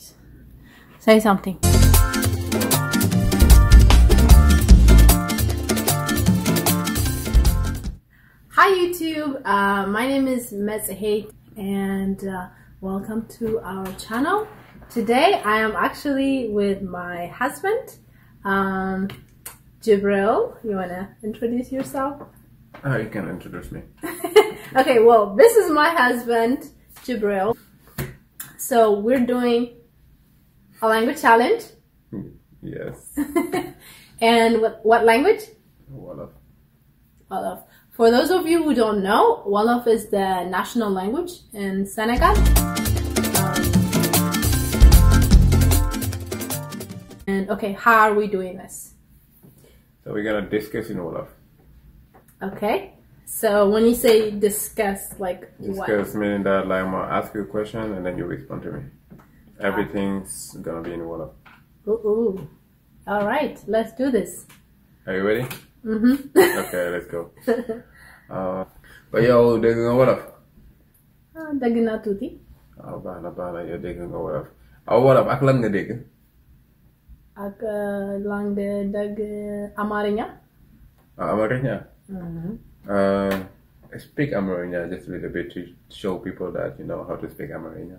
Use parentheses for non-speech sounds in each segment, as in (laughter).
please. Say something. Hi YouTube, uh, my name is Mezahate and uh, welcome to our channel. Today I am actually with my husband, um, Jibril. You wanna introduce yourself? Oh, you can introduce me. (laughs) okay, well this is my husband, Jibril. So we're doing a language challenge. Yes. (laughs) and what, what language? Wolof. Wolof. For those of you who don't know, Wolof is the national language in Senegal. And okay, how are we doing this? So we're gonna discuss in Wolof. Okay. So when you say discuss, like discuss what? meaning that like I'm gonna ask you a question and then you respond to me. Everything's gonna be in Wolof. Ooh, ooh. All right, let's do this. Mm-hmm. (laughs) let's go. (laughs) Uh, ah, ah, ba yow dégg nga wolof. ah dégg tuuti. waaw baax na yow dégg nga wolof aw wolof ak lan nga dégg. ak langue dégg amariña. just a little bit to show people that you know how to speak amariña.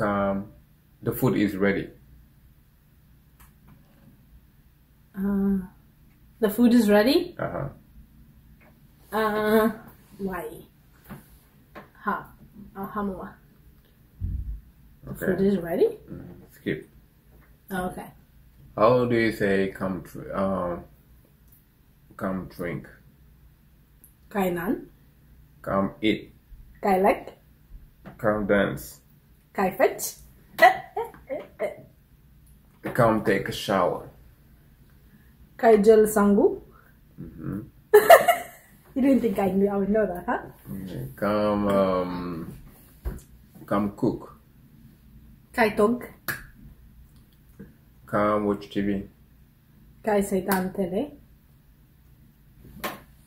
um, the food is ready. Uh, the food is ready? Uh-huh. uh why? Ha. Uh, hamua. The food is ready? Mm, skip. Oh, okay. How do you say come, uh, drink? Kainan. Come eat. Kailek. Come dance. Kay fecc come take shower kay jël sangu mm-hmm. you didn't think I knew cook kay togg come watch TV kay seetaan télé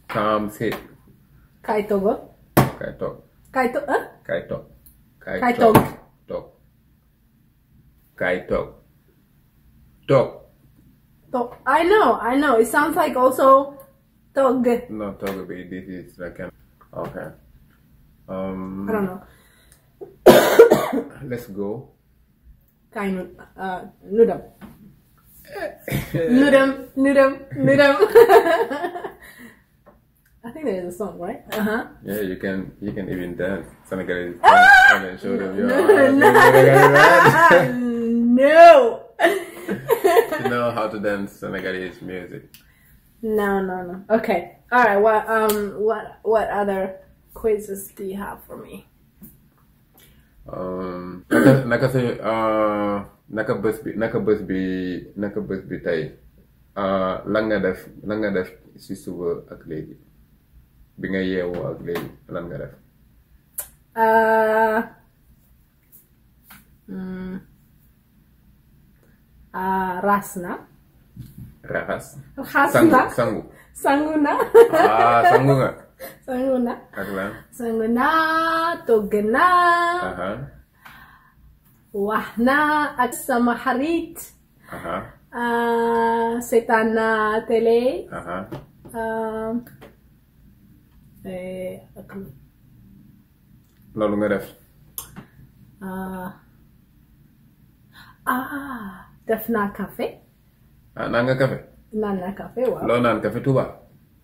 come sit kay togg kay togg kaay toog toog. toog I know I know it sounds like also toog. no toog bi this is like an okay. Um, I don't know. (coughs) let's go. kaay uh, nu (coughs) nu dem. nu dem nu dem nu (laughs) dem. I think there is a song, right? Uh-huh. Yeah, you can you can even dance. Senegalese ah! and show them your. No, no, no. (laughs) (laughs) No. (laughs) No, no, no. Okay. Um, what other quizzes do you have for me? Um, (clears throat) naka uh, naka bés bi naka bés bi naka bés bi tey uh, lan nga def lan ci suba ak léegi bi nga yeewoo ak léegi lan nga def. Uh, hmm. raas na. raxas. raxas sangu sangu na. ah sangu nga. sangu na. ak lan. sangu na togg na. wax na sama xarit. def naa café. ah naan nga café. naan naa café waaw. loo naan café Touba.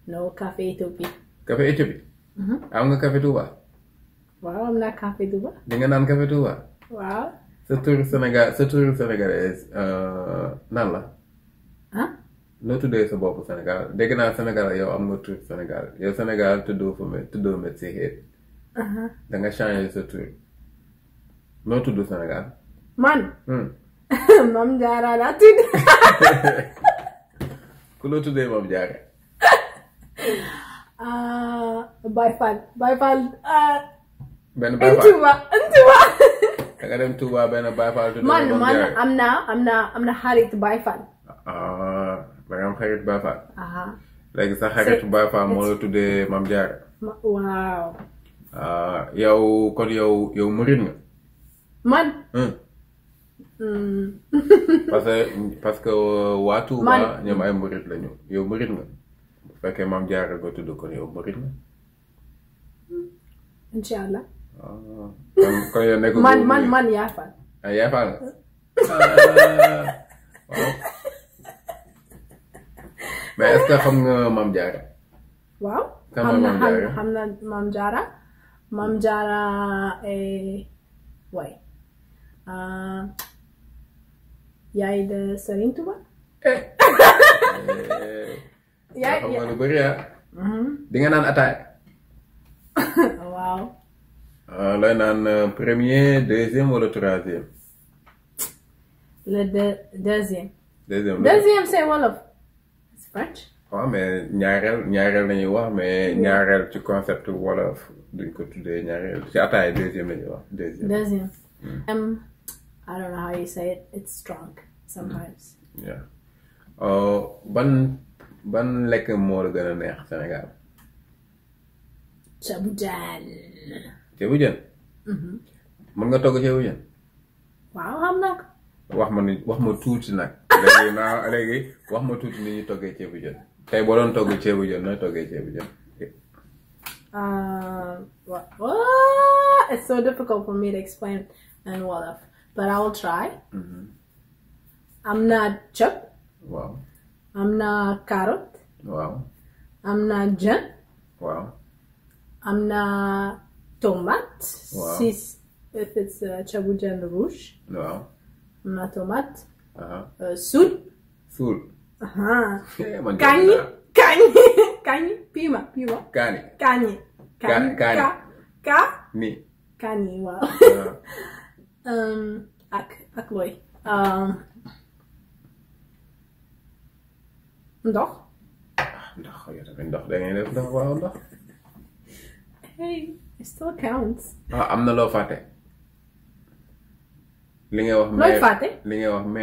non café Éthiopie. café Éthiopie. Mhm. am nga café Touba. waaw am naa café Touba. di naan café Touba. waaw. sa tur Sénégal sa tur sénégalais euh, nan la. ah. noo tuddee sa bopp Sénégal dégg naa Sénégal yow am nga tur Sénégal yow Sénégal tuddoo fa me tuddoo Metsi xeet. Uh-huh. da sa tur noo tudd Sénégal. man. Hmm. (laughs) mam jaara laa tudd. (laughs) ku loo tuddee mam jaara. Baye Fall benn Baye Fall Ntuba Ntuba. (laughs) nga dem Touba benn Baye Fall. man man am na xarit Baye Fall. ah da nga sa xarit Baye moo la mam jaara. waaw. Ah, yow kon yow yow murit nga. man. Hmm. Mm. (laughs) parce que parce que euh, waa Touba ñoom ay murit lañu yow murit nga bu fekkee maam kon yow murit nga. Mm. incha ah. kon kon yow nekkul man man man yaafal. ah yaafal. (laughs) Ah, waaw. mais est-ce que xam jij de Sarintuba? eh yaa ngi xam lu bëri nga naan ataay. waaw. lay naan premier deuxième wala troisième. le deux deuxième. deuxième deuxième c'est wolof. c'est French. waaw mais lañuy wax mais ñaareel ci concept wolof duñ ko tuddee ñaareel ci ataay deuxième lañuy wax deuxième. deuxième. Mm. Um, I don't know how you say it. It's strong. sometimes. yeah uh, ban ban lekk moo la gën a neex Sénégal. ceebu jaan. ceebu jën. Mm-hmm. mën nga togg ceebu jën. waaw xam naa wax ma ni wax ma tuuti nag. léegi naa (laughs) léegi wax ma tuuti ni ñuy toggee ceebu jën. tey boo doon togg ceebu jën nooy toggee ceebu jën. Uh, oh, it's so difficult for me to explain in Wolof, but I try. Mm-hmm. am naa cob waaw am naa carotte waaw am naa jën am naa tomate si if it's uh, cobu jën am uh, (laughs) eh, naa tomate suul suul kaani (laughs) kaani piima piima kaani kaani kaani ka (laughs) um, ak ak um, ndox. Ah, ndox oh, yow tamit ndox ah, ngay wax. looy fàtte li ngay wax ma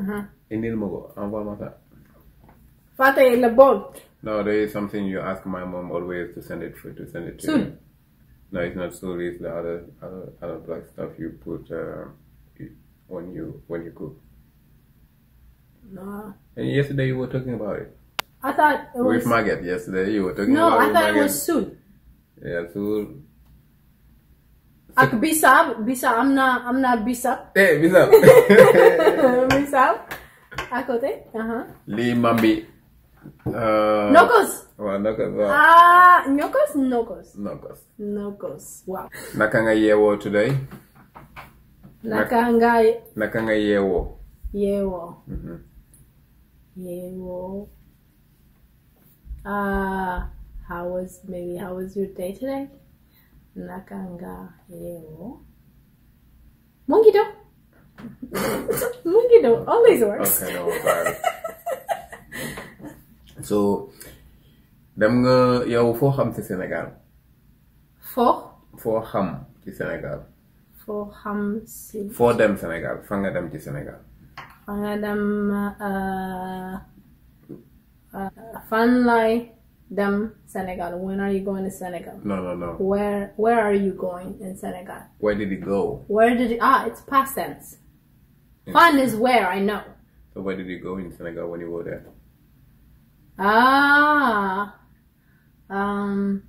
uh-huh. ko envoie ma ça. fàtte la bool. no there is something you ask my mom always to send it for to send it to. soul. no it's not soul it's the other black stuff you put uh, when you cook. No. And yesterday you were talking about it. I thought with was... yesterday you were talking no, about No, I thought soon. Yeah, soon. Ak Bisab, Bisab, I'm not, I'm not Bisab. (laughs) Hey, Bisab. (laughs) Bisab. À côté. Uh-huh. Li Mambi. Uh, Nokos. Waaw, ah, Nokos, Nokos, Nokos. Nokos. Nokos, Naka nga yeewoo today? Naka nga... Naka nga yeewoo. Yeewoo. Mm -hmm. Yay, Uh, how was maybe how was your day today? Nakanga yewo. Mungido. Mungido always works. so dem nga yow foo xam ci senegal foo. xam ci senegal foo xam foo dem senegal fan nga dem ci Sénégal. dem ah, ah, fan laay dem when you going to Senegal. where you going in Senegal. where did he go. where ah, it's past tense. fan is where I know. where did he go in Senegal when you were there. ah um,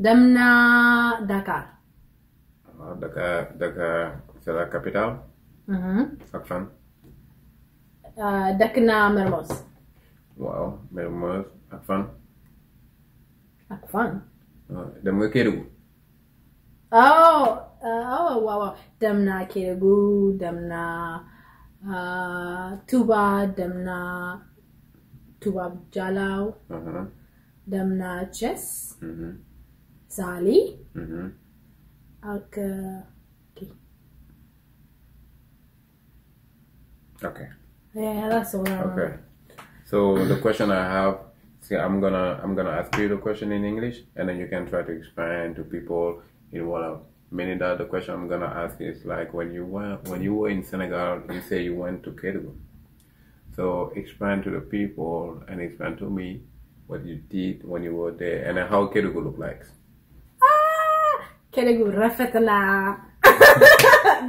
dem Dakar. Dakar Dakar c'est la Euh, dëkk naa Mermoz. waaw Mermoz ak fan. ak fan. Ah, dem nga Kédougou. oh oh waaw waaw dem naa Kédougou dem naa ah, Touba dem naa Touba Jalaaw. Uh-huh. dem naa uh-huh. Uh-huh. Eh, ok. Yeah, that's the one. Okay. So the question I have, see, I'm gonna I'm gonna ask you the question in English, and then you can try to explain to people in what I meaning that the question I'm gonna ask is like when you went when you were in Senegal, you say you went to Kédougou. So explain to the people and explain to me what you did when you were there and how Kédougou looked like. Ah, Kédougou rafet na. (laughs)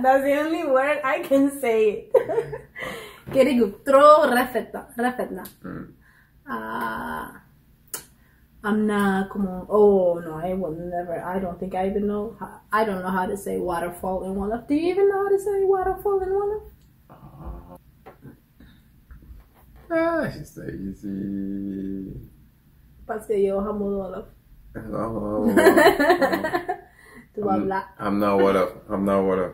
That's the only word I can say. (laughs) kerigub trop rafet na rafet na mm. am ah, na como oh no I don't think I don't know how to say waterfall in Wolof do you even know how to say waterfall in Wolof ah it's ah, so easy parce que yow xamul Wolof tubaab la xam naa Wolof xam naa Wolof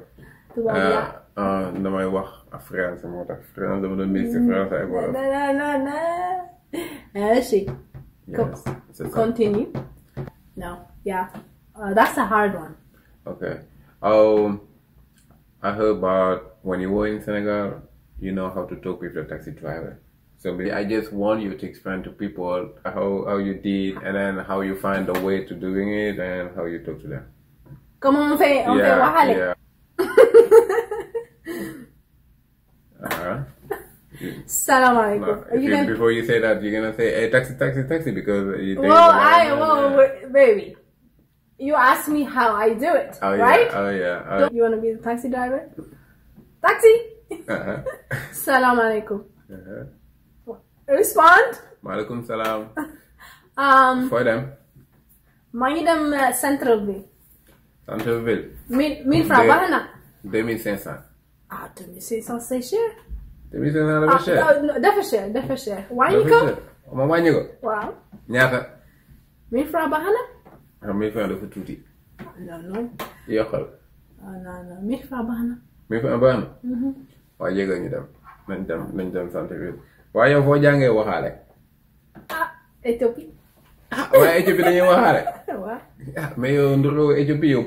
tubaab la ah damay wax ak français moo tax France dama doon mixé français ak wolof. non non non. She. Yes, Co continue. No, yeah, uh, that's a hard one. Okay. Um, I heard about when you were in Senegal, you know how to talk with your taxi driver. So I just want you to explain to people how, how you did and then how you find a way to doing it and how you talk to them. Comment on fait, on yeah, fait wahale. Yeah. Salaam alaikum. No, you Before you say that, you're gonna say, "Hey, taxi, because you. Think You asked me how I do it, oh, right? Oh, oh. You wanna be the taxi driver? Taxi. Uh-huh. (laughs) Salaam alaikum. Uh-huh. Respond. Maaleykum salaam. (laughs) um. Fooy dem. maa ngi dem uh, central ville. central ville. mille mille francs baax na. deux mille cinq ah deux mille cinq cents c'est cher. tamit naa dafa cher ah dafa cher dafa cher. ko dafa cher ma wàññi ko. waaw ñaata. 1000F baax na. ah 1000F dafa tuuti. non non. ñu dem nañ dem nañ dem sant bi foo jàngee waxaale. dañuy waxaale. waaw ah mais yow ndoroo Éthiopie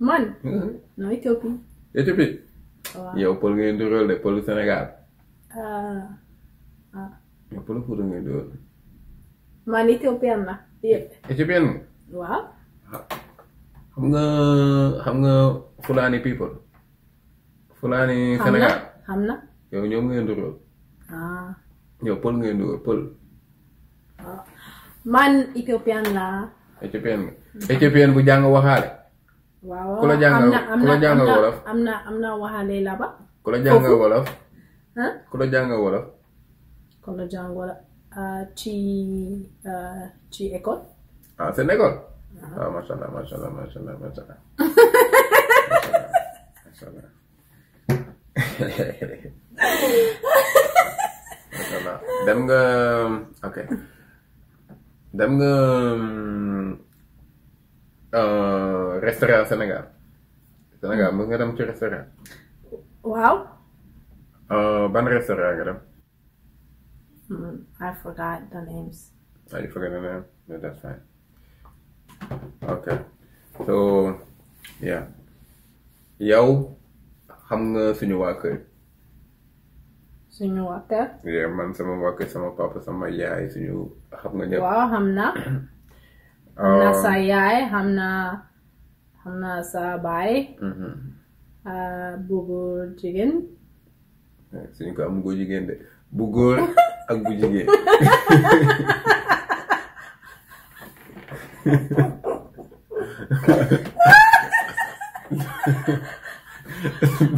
man. non Éthiopie. Éthiopie. yow pël ngay nduróol de pël Sénégal. ah yow pël Fuuta ngay man éthiopienne la yëpp. éthiopienne. waaw. xam nga xam Fulani people. Fulani Sénégal xam na yow ñoom ngay nduróol. yow pël ngay nduróol pël. man éthiopienne la éthiopienne bu jàng waxaale. waaw ku la jàngal ku la jàngal wolof am na am na ku la jàngal wolof. ku la jàngal wolof. ku la jàngal wolof ci ah, ci école. ah seen école. waaw macha allah macha dem nga dem nga. Mm, ah, restaurant senegal Sénégal mos nga dem restaurant. waaw. Euh, ban restaurant nga dem. Hmm, I forgot the names. Oh, you the name? No, that's fine. Okay. So, yeah. yow xam nga suñu waa suñu waa yeah man sama waa sama papa sama yaay suñu xam nga ñëpp. waaw xam na. (coughs) Um, xam na sa yaay xam na. xam naa sa baay. Mm-hmm. Ah, bu jigéen. Eh, suñu ko am góor de bu ak bu jigéen.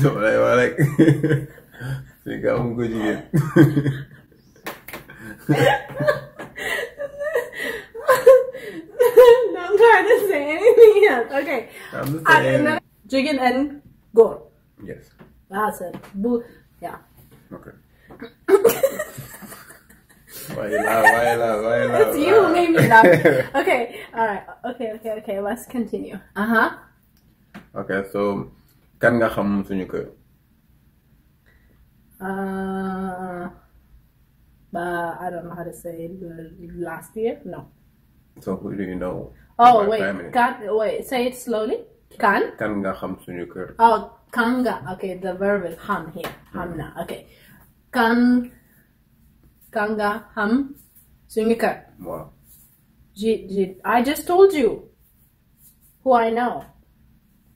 dama lay wax rek am góor trying to say anything else. I, ah, chicken and gore. Yes. That's it. Boo. Yeah. Okay. why (laughs) okay. Okay. Let's continue. Uh Okay. So, kan nga xam suñu kër? Uh, I don't know how to say last year. so who do you know? Oh wait, family? Say it slowly. Kan. Kan nga xam suñu kër. Oh, kan nga. Okay, the verb is ham here. Ham hmm. na. Okay. Kan. Kan nga ham suñu kër. Wow. I just told you who I know.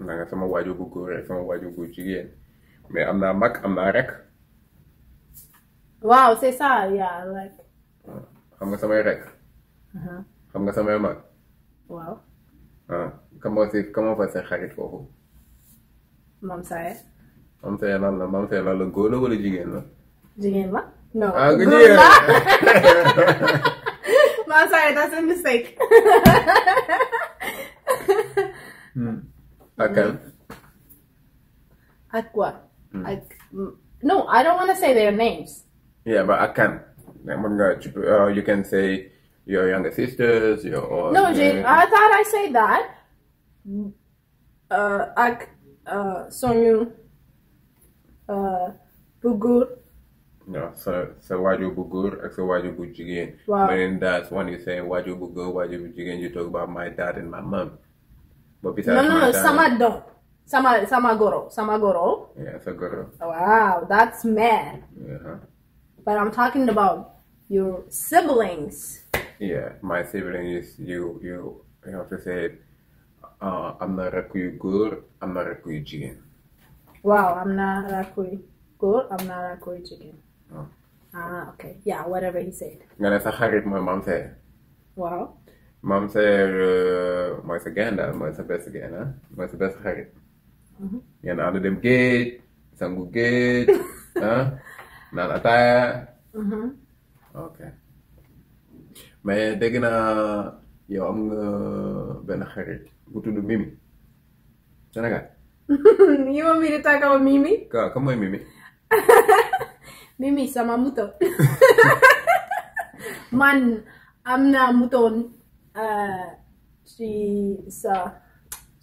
na nga sama waajur bu rek sama waajur bu jigéen mais am naa mag am naa rek. waaw c'est ça xam nga samay rek. Uh-huh. xam nga samay mag. waaw. comment si comment foofu. Mame Saye. Mame Saye lan la Saye lan la góor jigéen la. jigéen la. non ah, góor la (laughs) (laughs) Mame Saye that's a mistake. Hmm. Hmm. ak kan. ak quoi. Hmm. no I don't want to say their names. yeah but ak kan. mën nga you can say. your younger sisters, your. Or, no, Jane, uh, I thought that. Uh, ak uh, uh, Bugur. No, so so waju bugur ak so waju bu jigen. Wow. When that's when you say waju bugur, waju that's mad. Uh-huh. But I'm talking about your siblings. yeah my sibling is you you you am uh, na rakk yu góor am na rakk yu jigéen. waaw am na rakk yu góor am na rakk yu jigéen. Oh. ah ok yeah whatever he said. nga xarit mooy maam seer. waaw. Uh, mooy sa gaynde mooy sa bés gaynde mooy sa bés xarit. ngeen mm-hmm. ànd dem géej sangu géej (laughs) ah naan ataaya. Mm-hmm. ok. mais dégg naa yow am nga euh, benn xarit bu tudd Mimi Sénégal. (laughs) ni ma miiri tàggaw Mimi. waaw kan mooy Mimi. (laughs) Mimi sama moto (laughs) man am naa moto si euh, sa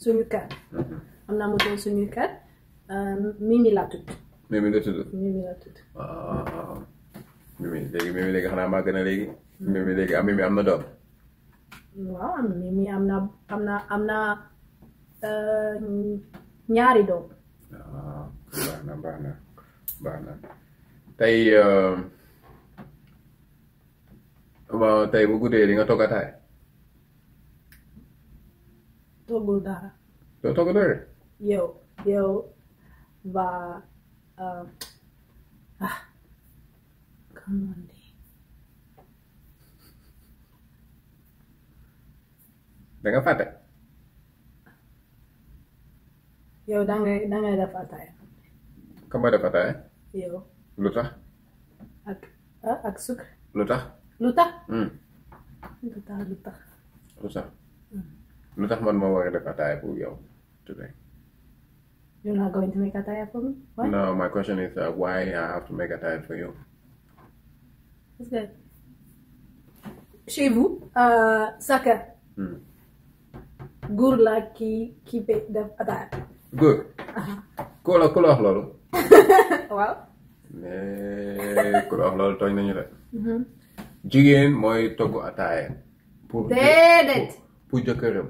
suñu kër. Mm-hmm. am naa moto suñu kër euh, Mimi laa tudd. Mimi la tudd. Mimi la tudd. mimi léegi mimi léegi xanaa màgg na léegi. mimi léegi am mimi am na doom. waaw mimi am na am na am na euh, ñaari doom. waaw ah, na baax na baax na tey euh, waaw tey bu guddee di nga togg ataay. toggul dara. doo togg dara. yow ba euh, ah. Come on, Dave. da nga fàtte. yow da ngay da ngay def ataaya. kan mooy def ataaya. yow. lu tax. ak ak sucre. lu tax. lu tax. lu tax lu tax. lu tax. lu tax man ma war a def ataaya pour yow today. You're not going to make ataaya for me? What? No, my question is uh, why I have to make ataaya for you. chez vous euh, Saka. Hmm. góor laa kii kii ba def ataaya. góor. ku la ku uh-huh. (laughs) waaw. mais ku la wax loolu tooñ mm-hmm. jigéen mooy togg ataaya. pour déedéet pour jëkkëram.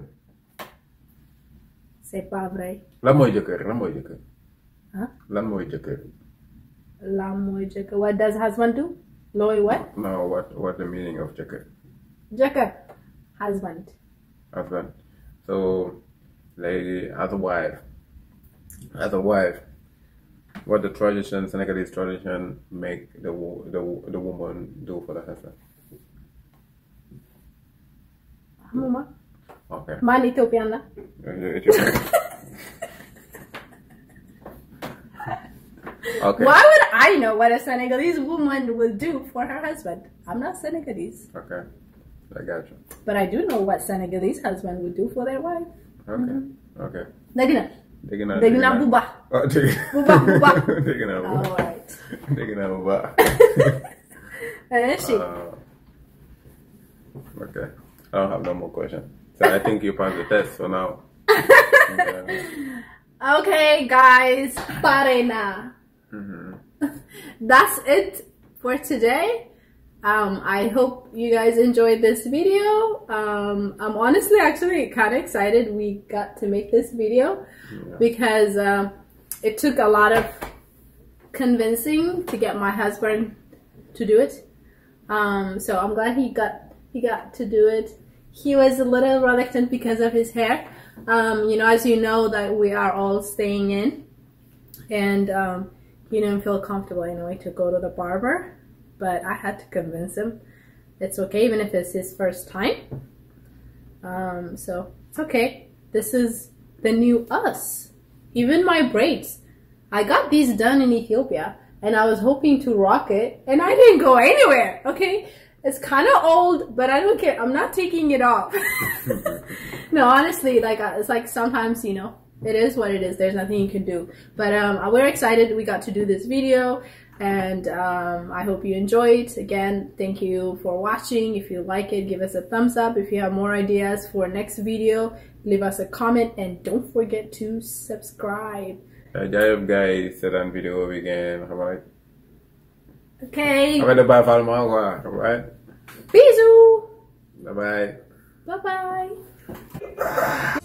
c'est pas vrai. lan mooy jëkkër lan mooy jëkkër. lan mooy jëkkër. lan what does husband do? Lori what? No, what what the meaning of jacket? Jacket, husband. Husband. So, lady as a wife, as a wife, what the tradition, Senegalese tradition, make the woman do for the husband? Mama. Okay. Man Ethiopian. (laughs) Okay. Why would I know what a Senegalese woman will do for her husband? I'm not Senegalese. Okay. I got do for their wife. Okay. Mm-hmm. Okay. Dégg na. Oh, (laughs) (laughs) (laughs) uh, I don't have no more question. So I think you passed the test for now. okay. guys. Pare Mm-hmm. (laughs) That's it for today. Um, I hope you guys enjoyed this video. Um, I'm honestly actually kind of excited we got to make this video yeah. because uh, it took a lot of convincing to get my husband to do it. Um, so I'm glad he got he got to do it. He was a little reluctant because of his hair. Um, you know, as you know that we are all staying in and um, he didn't feel comfortable anyway to go to the barber, but I had to convince him it's okay, even if it's his first time. Um, so it's okay. This is the new us. Even my braids. I got these done in Ethiopia and I was hoping to rock it and I didn't go anywhere. Okay. It's kind of old, but I don't care. I'm not taking it off. (laughs) (laughs) no, honestly, like, uh, it's like sometimes, you know, it is what it is. There's nothing you can do. But um, uh, we're excited we got to do this video. And um, I hope you enjoyed. Again, thank you for watching. If you like it, give us a thumbs up. If you have more ideas for next video, leave us a comment. And don't forget to subscribe. jaajëf gars yi seetaan vidéo bi ngeen xam nga. ok xam nga bàyyi Fall ma quoi xam nga. bisous. bye bye. bye bye.